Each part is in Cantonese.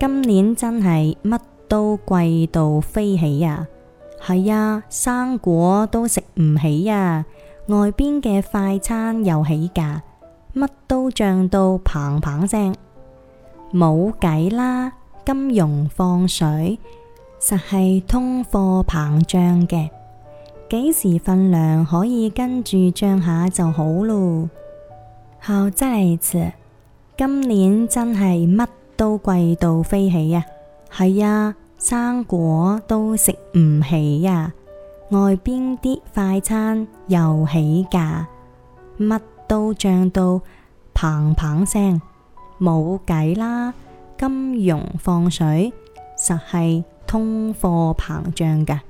今年真係乜都貴到飛起啊！係啊，生果都食唔起啊，外邊嘅快餐又起價，乜都漲到嘭嘭聲。冇計啦，金融放水實係通貨膨脹嘅，幾時份糧可以跟住漲下就好咯。好，再來一次，今年真係乜？都貴到飛起啊！係啊，生果都食唔起啊，外邊啲快餐又起價，乜都漲到砰砰聲，冇計啦。金融放水實係通貨膨脹噶，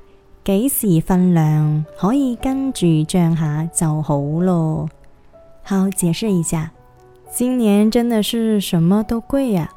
幾時份糧可以跟住漲下就好咯。好，解釋一下，今年真的是什麼都貴呀、啊。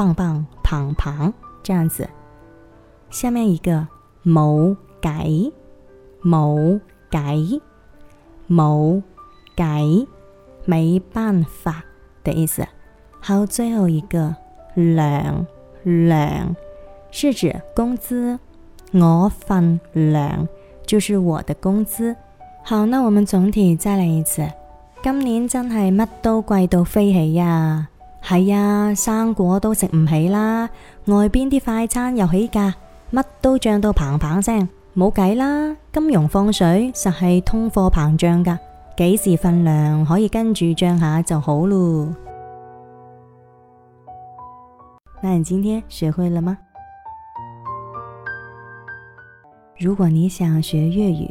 砰砰砰砰，這樣子。下面一個冇計，冇計，冇計，沒辦法的意思。好，最後一個糧糧，是指工資，我份糧就是我的工資。好，那我們總體再嚟一次。今年真係乜都貴到飛起呀！係啊，生果都食唔起啦，外邊啲快餐又起價，乜都漲到砰砰聲，冇計啦。金融放水實係通貨膨脹噶，幾時份糧可以跟住漲下就好咯。那你今天學會了嗎？如果你想學粵語。